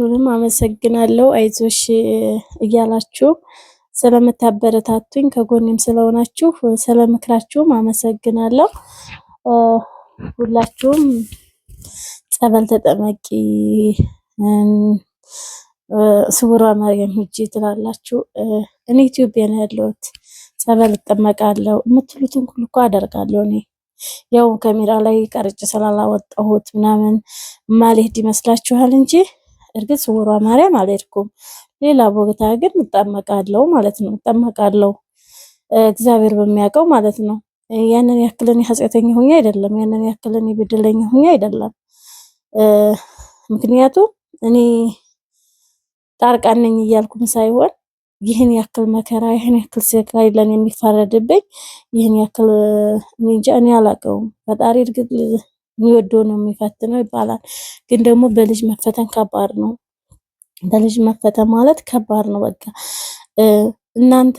ሁላችሁንም አመሰግናለሁ። አይዞሽ እያላችሁ ስለምታበረታቱኝ ከጎኔም ስለሆናችሁ ስለምክራችሁም አመሰግናለሁ። ሁላችሁም ጸበል ተጠመቂ ስውሯ ማርያም ሂጂ ትላላችሁ። እኔ ኢትዮጵያ ነው ያለሁት፣ ጸበል እጠመቃለሁ የምትሉትን ሁሉ እኮ አደርጋለሁ። እኔ ያው ካሜራ ላይ ቀርጭ ስላላወጣሁት ምናምን ማልሄድ ይመስላችኋል እንጂ እርግጥ ስውሯ ማርያም አልሄድኩም። ሌላ ቦታ ግን እጠመቃለሁ ማለት ነው። እጠመቃለሁ እግዚአብሔር በሚያውቀው ማለት ነው። ያንን ያክልን እኔ ኃጢአተኛ ሁኜ አይደለም። ያንን ያክልን እኔ በደለኛ ሁኜ አይደለም። ምክንያቱም እኔ ጣርቃን ነኝ እያልኩም ሳይሆን ይህን ያክል መከራ፣ ይህን ያክል ስቃይ ለኔ የሚፈረድብኝ ይህን ያክል እኔ እንጃ እኔ አላውቀውም። ፈጣሪ እርግጥ ወዶ ነው የሚፈትነው ይባላል። ግን ደግሞ በልጅ መፈተን ከባድ ነው። በልጅ መፈተን ማለት ከባድ ነው። በቃ እናንተ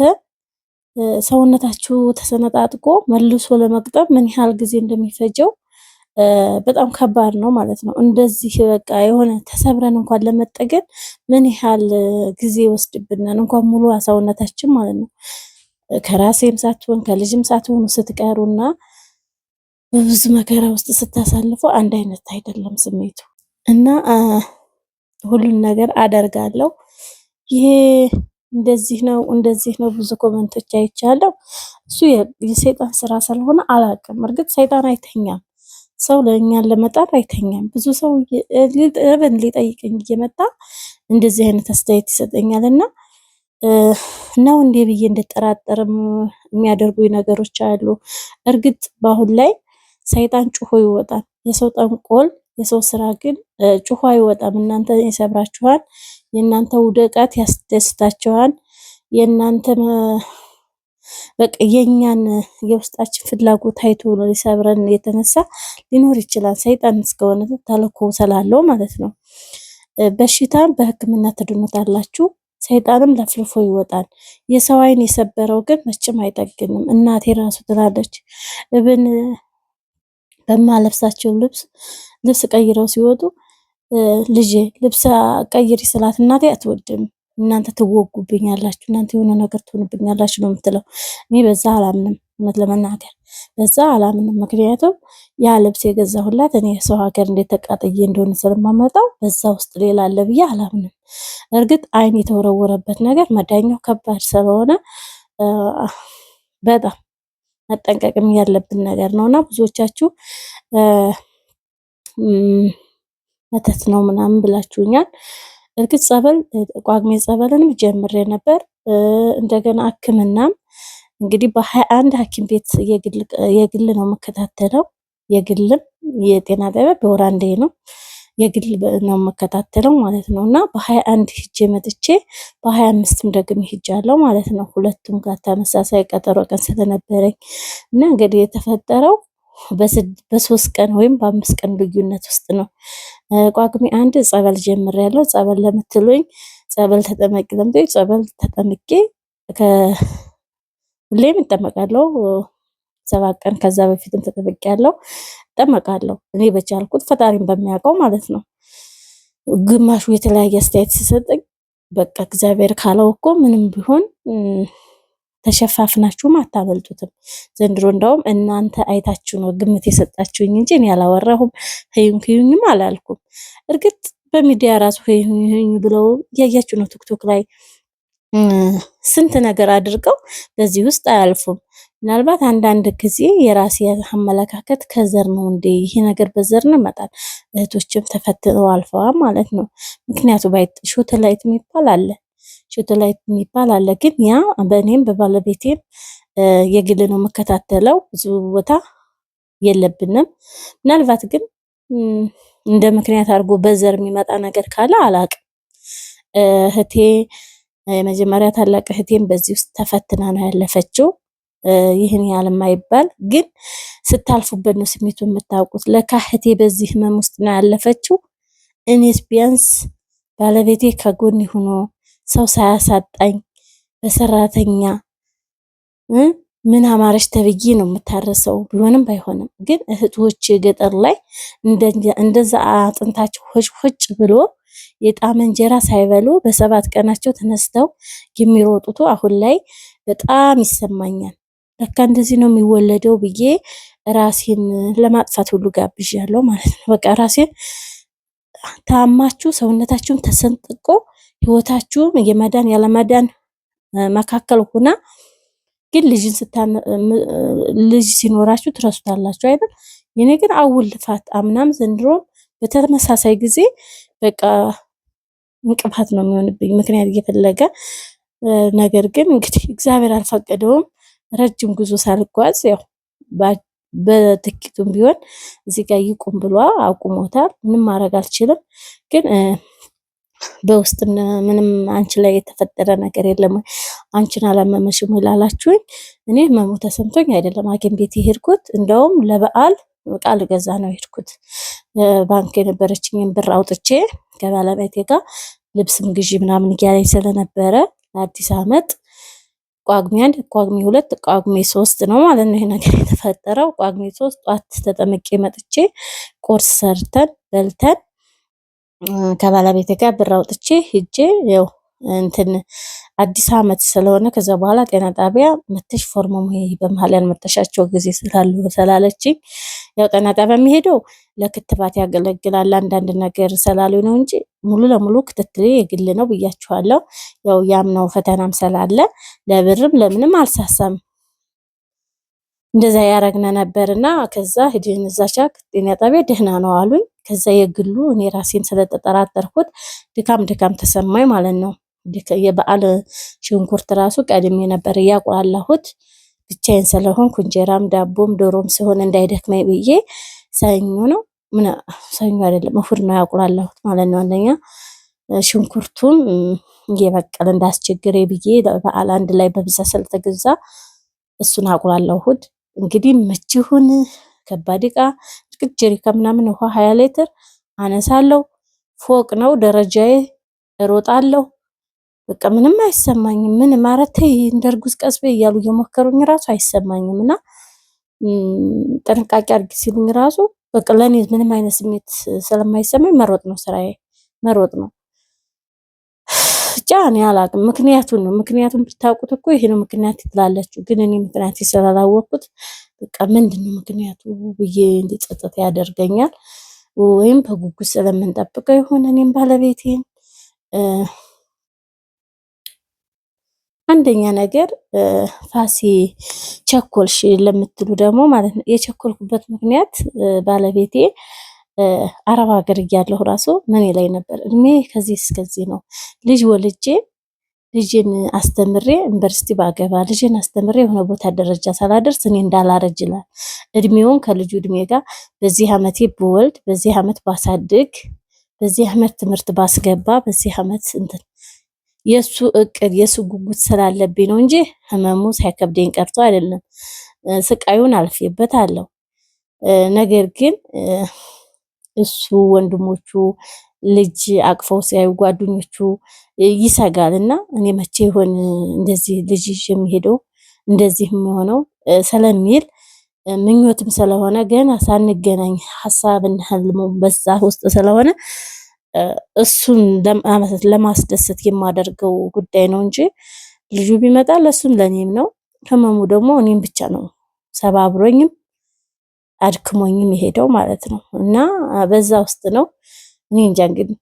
ሰውነታችሁ ተሰነጣጥቆ መልሶ ለመቅጠብ ምን ያህል ጊዜ እንደሚፈጀው በጣም ከባድ ነው ማለት ነው። እንደዚህ በቃ የሆነ ተሰብረን እንኳን ለመጠገን ምን ያህል ጊዜ ወስድብናል፣ እንኳን ሙሉ ሰውነታችን ማለት ነው። ከራሴም ሳትሆን ከልጅም ሳትሆኑ ስትቀሩና በብዙ መከራ ውስጥ ስታሳልፈው አንድ አይነት አይደለም ስሜቱ እና ሁሉን ነገር አደርጋለሁ። ይሄ እንደዚህ ነው እንደዚህ ነው ብዙ ኮመንቶች አይቻለሁ። እሱ የሰይጣን ስራ ስለሆነ አላውቅም። እርግጥ ሰይጣን አይተኛም፣ ሰው ለእኛን ለመጣር አይተኛም። ብዙ ሰው ረብን ሊጠይቀኝ እየመጣ እንደዚህ አይነት አስተያየት ይሰጠኛል እና ነው እንዴ ብዬ እንድጠራጠርም የሚያደርጉ ነገሮች አሉ። እርግጥ በአሁን ላይ ሰይጣን ጩሆ ይወጣል። የሰው ጠንቆል፣ የሰው ስራ ግን ጩሆ አይወጣም። እናንተ ይሰብራችኋል፣ የእናንተ ውደቃት ያስደስታችኋል። የእናንተ በቃ የእኛን የውስጣችን ፍላጎት አይቶ ነው ሊሰብረን የተነሳ ሊኖር ይችላል። ሰይጣን እስከሆነ ተልኮ ስላለው ማለት ነው። በህክምና ትድኖት ትድኑታላችሁ። ሰይጣንም ለፍልፎ ይወጣል። የሰው አይን የሰበረው ግን መቼም አይጠግንም። እናቴ ራሱ ትላለች እብን በማለብሳቸው ልብስ ልብስ ቀይረው ሲወጡ ልጄ ልብስ ቀይሪ ስላት እናቴ አትወድም እናንተ ትወጉብኛላችሁ፣ እናንተ የሆነ ነገር ትሆንብኛላችሁ ነው የምትለው። እኔ በዛ አላምንም፣ እውነት ለመናገር በዛ አላምንም። ምክንያቱም ያ ልብስ የገዛሁላት እኔ ሰው ሀገር እንዴት ተቃጥዬ እንደሆነ ስለማመጣው በዛ ውስጥ ሌላ አለ ብዬ አላምንም። እርግጥ አይን የተወረወረበት ነገር መዳኛው ከባድ ስለሆነ በጣም መጠንቀቅም ያለብን ነገር ነው እና ብዙዎቻችሁ መተት ነው ምናምን ብላችሁኛል። እርግጥ ጸበል ቋግሜ ጸበልንም ጀምሬ ነበር። እንደገና ሕክምናም እንግዲህ በሀያ አንድ ሐኪም ቤት የግል ነው የምከታተለው የግልም የጤና ጣቢያ በወር አንዴ ነው። የግል ነው የምከታተለው ማለት ነው እና በሀያ አንድ ሂጄ መጥቼ በሀያ አምስትም ደግሜ ሂጃለሁ ማለት ነው። ሁለቱም ጋር ተመሳሳይ ቀጠሮ ቀን ስለነበረኝ እና እንግዲህ የተፈጠረው በሶስት ቀን ወይም በአምስት ቀን ልዩነት ውስጥ ነው። ጳጉሜ አንድ ጸበል ጀምሬያለሁ። ጸበል ለምትሉኝ ጸበል ተጠመቂ ለምትሉኝ ጸበል ተጠምቄ ሁሌም እጠመቃለሁ። ሰባት ቀን ከዛ በፊትም ተጠብቅ ያለው እጠመቃለሁ እኔ በቻልኩት ፈጣሪን በሚያውቀው ማለት ነው። ግማሹ የተለያየ አስተያየት ሲሰጥ በቃ እግዚአብሔር ካለው እኮ ምንም ቢሆን ተሸፋፍናችሁም አታመልጡትም። ዘንድሮ እንደውም እናንተ አይታችሁ ነው ግምት የሰጣችሁኝ እንጂ እኔ አላወራሁም፣ ሄዩኝ ክዩኝም አላልኩም። እርግጥ በሚዲያ ራሱ ሄዩኝ ብለው እያያችሁ ነው ቲክቶክ ላይ ስንት ነገር አድርገው በዚህ ውስጥ አያልፉም። ምናልባት አንዳንድ ጊዜ የራሴ አመለካከት ከዘር ነው እንዴ ይሄ ነገር በዘር ነው ይመጣል። እህቶችም ተፈትነው አልፈዋል ማለት ነው። ምክንያቱ ባይት ሾተላይት የሚባል አለ፣ ሾተላይት የሚባል አለ። ግን ያ በእኔም በባለቤቴም የግል ነው የምከታተለው። ብዙ ቦታ የለብንም። ምናልባት ግን እንደ ምክንያት አድርጎ በዘር የሚመጣ ነገር ካለ አላቅም እህቴ የመጀመሪያ ታላቅ እህቴም በዚህ ውስጥ ተፈትና ነው ያለፈችው። ይህን ያህል የማይባል ግን ስታልፉበት ነው ስሜቱ የምታውቁት። ለካ እህቴ በዚህ ህመም ውስጥ ነው ያለፈችው። እኔስ ቢያንስ ባለቤቴ ከጎን ሆኖ ሰው ሳያሳጣኝ በሰራተኛ ምን አማረች ተብዬ ነው የምታረሰው። ቢሆንም ባይሆንም ግን እህቶች ገጠር ላይ እንደዛ አጥንታቸው ሆጭ ሁጭ ብሎ የጣም እንጀራ ሳይበሉ በሰባት ቀናቸው ተነስተው የሚሮጡቱ አሁን ላይ በጣም ይሰማኛል። ለካ እንደዚህ ነው የሚወለደው ብዬ ራሴን ለማጥፋት ሁሉ ያለው ማለት ነው። በቃ ራሴን ታማችሁ ሰውነታችሁን ተሰንጥቆ ህይወታችሁም የመዳን ያለመዳን መካከል ሆና ግን ልጅን ልጅ ሲኖራችሁ ትረሱታላችሁ አይደል? የኔ ግን አውል ልፋት አምናም ዘንድሮም በተመሳሳይ ጊዜ በቃ እንቅፋት ነው የሚሆንብኝ ምክንያት እየፈለገ ነገር ግን እንግዲህ እግዚአብሔር አልፈቀደውም። ረጅም ጉዞ ሳልጓዝ ያው በትኪቱም ቢሆን እዚህ ጋር ይቁም ብሏ አቁሞታል። ምንም ማድረግ አልችልም። ግን በውስጥ ምንም አንቺ ላይ የተፈጠረ ነገር የለም አንቺን አላመመሽም ላላችሁኝ እኔ መሙ ተሰምቶኝ አይደለም ሐኪም ቤት የሄድኩት እንደውም ለበዓል ቃል ገዛ ነው የሄድኩት። ባንክ የነበረችኝን ብር አውጥቼ ከባለቤቴ ጋር ልብስም ግዢ ምናምን እያለኝ ስለነበረ ለአዲስ አመት ጳጉሜ አንድ ጳጉሜ ሁለት ጳጉሜ ሶስት ነው ማለት ነው ይሄ ነገር የተፈጠረው። ጳጉሜ ሶስት ጧት ተጠምቄ መጥቼ ቁርስ ሰርተን በልተን ከባለቤቴ ጋር ብር አውጥቼ ሂጄ ያው እንትን አዲስ አመት ስለሆነ ከዛ በኋላ ጤና ጣቢያ መተሽ ፎርሞ በመሀል ያልመጠሻቸው ጊዜ ስላሉ ስላለችኝ ያው ጤና ጣቢያ የሚሄደው ለክትባት ያገለግላል አንዳንድ ነገር ስላሉ ነው እንጂ ሙሉ ለሙሉ ክትትል የግል ነው ብያችኋለሁ። ያው ያም ነው ፈተናም ስላለ ለብርም ለምንም አልሳሳም። እንደዛ ያረግነ ነበር እና ከዛ ሂድን እዛቻ ጤና ጣቢያ ደህና ነው አሉኝ። ከዛ የግሉ እኔ ራሴን ስለተጠራጠርኩት ድካም ድካም ተሰማኝ ማለት ነው። የበዓል ሽንኩርት ራሱ ቀድሜ ነበር እያቁላላሁት ብቻዬን ስለሆንኩ እንጀራም ዳቦም ዶሮም ሲሆን እንዳይደክመኝ ብዬ ሰኞ ነው ሰኞ አይደለም እሁድ ነው ያቁላላሁት ማለት ነው። አንደኛ ሽንኩርቱን እየበቀለ እንዳስቸግሬ ብዬ በዓል አንድ ላይ በብዛት ስለተገዛ እሱን አቁላላሁት። እንግዲህ መችሁን ከባድ ዕቃ እርግጥ ጀሪካ ምናምን ውሃ ሀያ ሌትር አነሳለሁ። ፎቅ ነው ደረጃዬ እሮጣለሁ። በቃ ምንም አይሰማኝም። ምን ማረተ እንደርጉዝ ቀስቤ እያሉ እየሞከሩኝ ራሱ አይሰማኝም። እና ጥንቃቄ አድርጊ ሲሉኝ ራሱ በቃ ለእኔ ምንም አይነት ስሜት ስለማይሰማኝ መሮጥ ነው ስራዬ፣ መሮጥ ነው። ጫን ያላቅ አላቅም ምክንያቱን ነው ምክንያቱን ብታውቁት እኮ ይሄ ነው ምክንያት ትላለችው። ግን እኔ ምክንያት ስላላወቅኩት በቃ ምንድን ነው ምክንያቱ ብዬ እንድጸጸት ያደርገኛል። ወይም በጉጉት ስለምንጠብቀው የሆነ እኔም ባለቤቴን አንደኛ ነገር ፋሲ ቸኮልሽ ለምትሉ ደግሞ ማለት ነው የቸኮልኩበት ምክንያት ባለቤቴ አረብ ሀገር እያለሁ ራሱ ምን ላይ ነበር እድሜ ከዚህ እስከዚህ ነው ልጅ ወልጄ ልጅን አስተምሬ ዩኒቨርሲቲ ባገባ ልጅን አስተምሬ የሆነ ቦታ ደረጃ ሳላደርስ እኔ እንዳላረጅ ይላል። እድሜውን ከልጁ እድሜ ጋር በዚህ አመቴ ብወልድ፣ በዚህ ዓመት ባሳድግ፣ በዚህ አመት ትምህርት ባስገባ፣ በዚህ አመት እንትን የእሱ እቅድ የእሱ ጉጉት ስላለብኝ ነው እንጂ ህመሙ ሳይከብደኝ ቀርቶ አይደለም። ስቃዩን አልፌበት አለው። ነገር ግን እሱ ወንድሞቹ ልጅ አቅፈው ሲያዩ ጓደኞቹ ይሰጋል እና እኔ መቼ ይሆን እንደዚህ ልጅ የሚሄደው እንደዚህ የሚሆነው ስለሚል ምኞትም ስለሆነ ገና ሳንገናኝ ሀሳብና ህልሙ በዛ ውስጥ ስለሆነ እሱን ለማስደሰት የማደርገው ጉዳይ ነው እንጂ ልጁ ቢመጣ ለእሱም ለእኔም ነው። ህመሙ ደግሞ እኔም ብቻ ነው ሰባብሮኝም አድክሞኝም የሄደው ማለት ነው። እና በዛ ውስጥ ነው እኔ እንጃ እንግዲህ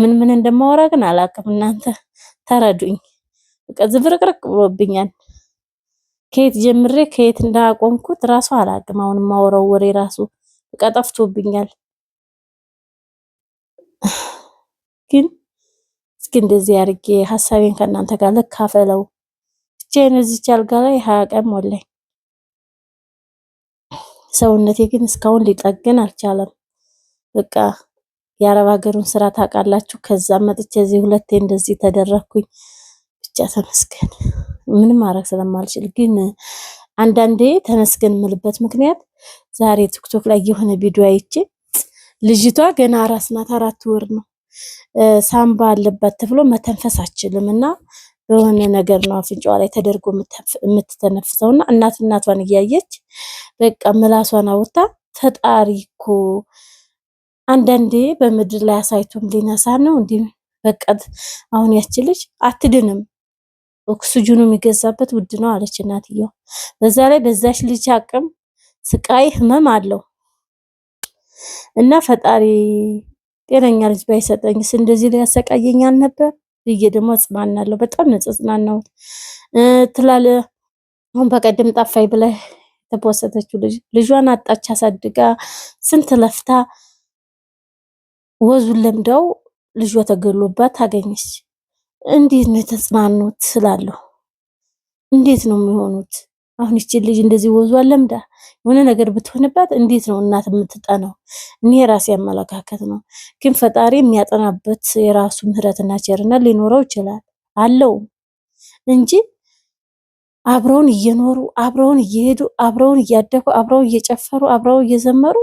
ምን ምን እንደማወራ ግን አላውቅም። እናንተ ተረዱኝ። በቃ ዝብርቅርቅ ብሎብኛል። ከየት ጀምሬ ከየት እንዳቆምኩት ራሱ አላውቅም። አሁን የማወራው ወሬ ራሱ በቃ ጠፍቶብኛል። ግን እስኪ እንደዚህ አድርጌ ሀሳቤን ከእናንተ ጋር ልካፈለው። ብቻዬን እዚች አልጋ ላይ ሀያ ቀን ሞላኝ። ሰውነቴ ግን እስካሁን ሊጠግን አልቻለም። በቃ የአረብ ሀገሩን ስራ ታውቃላችሁ። ከዛ መጥቼ እዚህ ሁለቴ እንደዚህ ተደረግኩኝ። ብቻ ተመስገን ምንም ማድረግ ስለማልችል ግን አንዳንዴ ተመስገን የምልበት ምክንያት ዛሬ ቲክቶክ ላይ የሆነ ቪዲዮ አይቼ ልጅቷ ገና አራስ ናት፣ አራት ወር ነው። ሳምባ አለባት ተብሎ መተንፈስ አችልም እና በሆነ ነገር ነው አፍንጫዋ ላይ ተደርጎ የምትተነፍሰው እና እናት እናቷን እያየች በቃ ምላሷን አውታ ፈጣሪ እኮ አንዳንዴ በምድር ላይ አሳይቶም ሊነሳ ነው። እንዲህ በቃ አሁን ያች ልጅ አትድንም፣ ኦክስጅኑ የሚገዛበት ውድ ነው አለች እናትየው። በዛ ላይ በዛች ልጅ አቅም ስቃይ ህመም አለው። እና ፈጣሪ ጤነኛ ልጅ ባይሰጠኝስ እንደዚህ ሊያሰቃየኝ አልነበር ብዬ ደግሞ እጽናናለሁ። በጣም ንጽጽናናሁት ትላለ አሁን በቀደም ጠፋኝ ብላ የተፖሰተችው ልጅ ልጇን አጣች አሳድጋ ስንት ለፍታ ወዙን ለምደው ልጇ ተገሎባት አገኘች። እንዴት ነው የተጽናኑት ስላለሁ እንዴት ነው የሚሆኑት? አሁን ይቺን ልጅ እንደዚህ ወዟን ለምዳ የሆነ ነገር ብትሆንባት እንዴት ነው እናት የምትጠነው? እኔ የራሴ አመለካከት ነው። ግን ፈጣሪ የሚያጠናበት የራሱ ምሕረትና ቸርነት ሊኖረው ይችላል አለው እንጂ አብረውን እየኖሩ አብረውን እየሄዱ አብረውን እያደጉ አብረውን እየጨፈሩ አብረው እየዘመሩ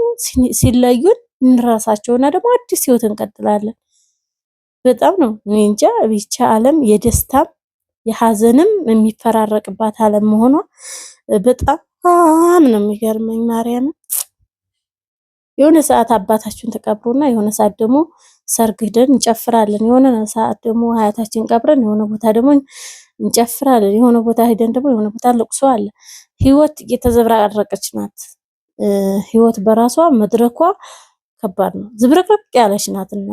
ሲለዩን እንራሳቸውና ደግሞ አዲስ ህይወት እንቀጥላለን። በጣም ነው እኔ እንጃ ብቻ ዓለም የደስታም የሀዘንም የሚፈራረቅባት አለም መሆኗ በጣም ነው የሚገርመኝ። ማርያም የሆነ ሰዓት አባታችን ተቀብሮና የሆነ ሰዓት ደግሞ ሰርግ ሂደን እንጨፍራለን። የሆነ ሰዓት ደግሞ ሀያታችን ቀብረን የሆነ ቦታ ደግሞ እንጨፍራለን። የሆነ ቦታ ሂደን ደግሞ የሆነ ቦታ ለቅሶ አለ። ህይወት እየተዘብራረቀች ናት። ህይወት በራሷ መድረኳ ከባድ ነው፣ ዝብርቅርቅ ያለች ናት እና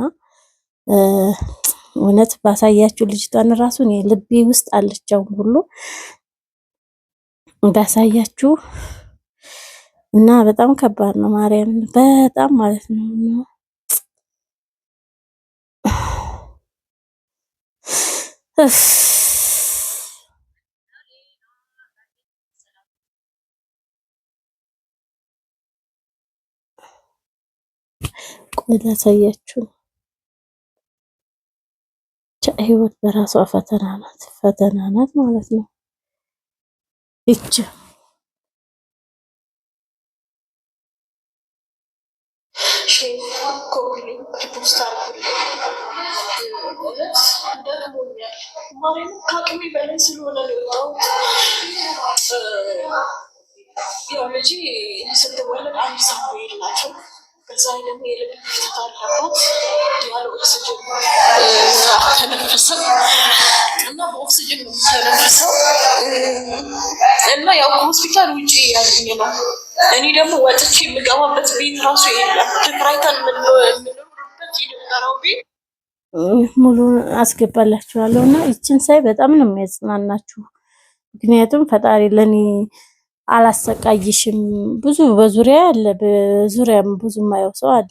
እውነት ባሳያችሁ ልጅቷን ራሱ እኔ ልቤ ውስጥ አለቻው ሁሉ ባሳያችሁ እና በጣም ከባድ ነው። ማርያም በጣም ማለት ነው። ቆይ ላሳያችሁ። ህይወት በራሷ ፈተና ናት፣ ፈተና ናት ማለት ነው። ይቺ ከአቅሜ በላይ ስለሆነ ያው ልጅ ስትወለድ አንድ ሰው ናቸው በዛ ላይ ደግሞ የልብ ያለ ኦክሲጅን እና በኦክሲጅን ነው እና ያው ከሆስፒታል ውጭ ያገኘ ነው። እኔ ደግሞ ወጥቼ የምገባበት ቤት ራሱ የለም። ተከራይተን የምንኖርበት ቤት ሙሉ አስገባላችኋለሁ እና ይችን ሳይ በጣም ነው የሚያጽናናችሁ። ምክንያቱም ፈጣሪ ለእኔ አላሰቃይሽም። ብዙ በዙሪያ ያለ በዙሪያም ብዙ የማየው ሰው አለ።